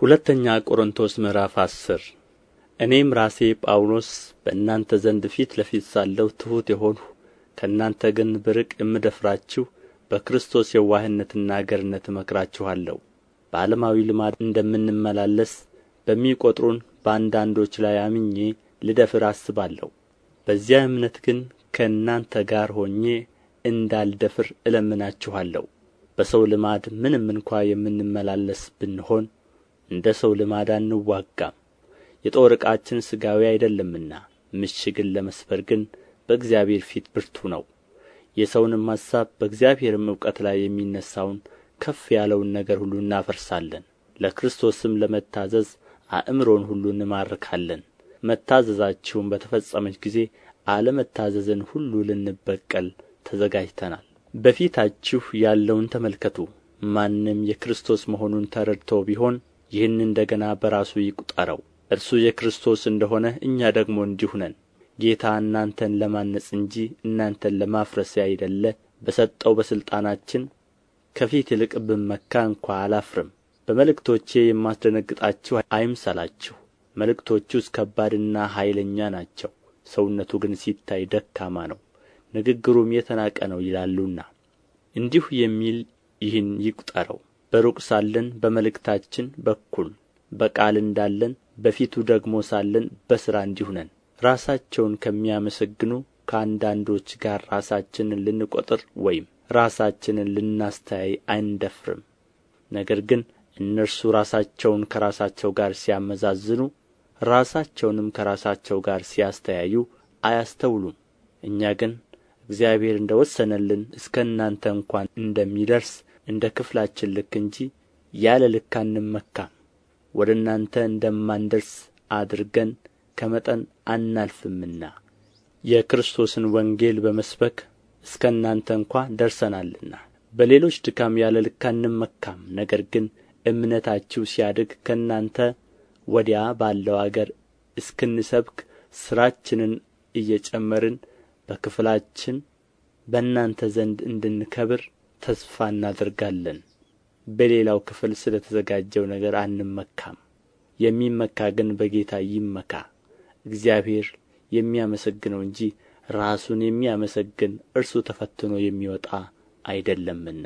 ሁለተኛ ቆሮንቶስ ምዕራፍ አስር እኔም ራሴ ጳውሎስ በእናንተ ዘንድ ፊት ለፊት ሳለሁ ትሑት የሆንሁ ከእናንተ ግን ብርቅ የምደፍራችሁ በክርስቶስ የዋህነትና ገርነት እመክራችኋለሁ። በዓለማዊ ልማድ እንደምንመላለስ በሚቆጥሩን በአንዳንዶች ላይ አምኜ ልደፍር አስባለሁ። በዚያ እምነት ግን ከእናንተ ጋር ሆኜ እንዳልደፍር እለምናችኋለሁ። በሰው ልማድ ምንም እንኳ የምንመላለስ ብንሆን እንደ ሰው ልማድ አንዋጋም የጦር ዕቃችን ሥጋዊ አይደለምና ምሽግን ለመስበር ግን በእግዚአብሔር ፊት ብርቱ ነው የሰውንም ሐሳብ በእግዚአብሔርም እውቀት ላይ የሚነሣውን ከፍ ያለውን ነገር ሁሉ እናፈርሳለን ለክርስቶስም ለመታዘዝ አእምሮን ሁሉ እንማርካለን መታዘዛችሁም በተፈጸመች ጊዜ አለመታዘዝን ሁሉ ልንበቀል ተዘጋጅተናል። በፊታችሁ ያለውን ተመልከቱ። ማንም የክርስቶስ መሆኑን ተረድቶ ቢሆን ይህን እንደ ገና በራሱ ይቁጠረው እርሱ የክርስቶስ እንደ ሆነ እኛ ደግሞ እንዲሁ ነን ጌታ እናንተን ለማነጽ እንጂ እናንተን ለማፍረስ ያይደለ በሰጠው በሥልጣናችን ከፊት ይልቅ ብመካ እንኳ አላፍርም። በመልእክቶቼ የማስደነግጣችሁ አይምሰላችሁ። መልእክቶቹስ ከባድና ኃይለኛ ናቸው፣ ሰውነቱ ግን ሲታይ ደካማ ነው፣ ንግግሩም የተናቀ ነው ይላሉና፣ እንዲሁ የሚል ይህን ይቁጠረው። በሩቅ ሳለን በመልእክታችን በኩል በቃል እንዳለን በፊቱ ደግሞ ሳለን በሥራ እንዲሁ ነን ራሳቸውን ከሚያመሰግኑ ከአንዳንዶች ጋር ራሳችንን ልንቆጥር ወይም ራሳችንን ልናስተያይ አንደፍርም። ነገር ግን እነርሱ ራሳቸውን ከራሳቸው ጋር ሲያመዛዝኑ ራሳቸውንም ከራሳቸው ጋር ሲያስተያዩ አያስተውሉም። እኛ ግን እግዚአብሔር እንደ ወሰነልን እስከ እናንተ እንኳን እንደሚደርስ እንደ ክፍላችን ልክ እንጂ ያለ ልክ አንመካም ወደ እናንተ እንደማንደርስ አድርገን ከመጠን አናልፍምና የክርስቶስን ወንጌል በመስበክ እስከ እናንተ እንኳ ደርሰናልና በሌሎች ድካም ያለ ልክ አንመካም ነገር ግን እምነታችሁ ሲያድግ ከእናንተ ወዲያ ባለው አገር እስክንሰብክ ሥራችንን እየጨመርን በክፍላችን በእናንተ ዘንድ እንድንከብር ተስፋ እናደርጋለን በሌላው ክፍል ስለ ተዘጋጀው ነገር አንመካም የሚመካ ግን በጌታ ይመካ እግዚአብሔር የሚያመሰግነው እንጂ ራሱን የሚያመሰግን እርሱ ተፈትኖ የሚወጣ አይደለምና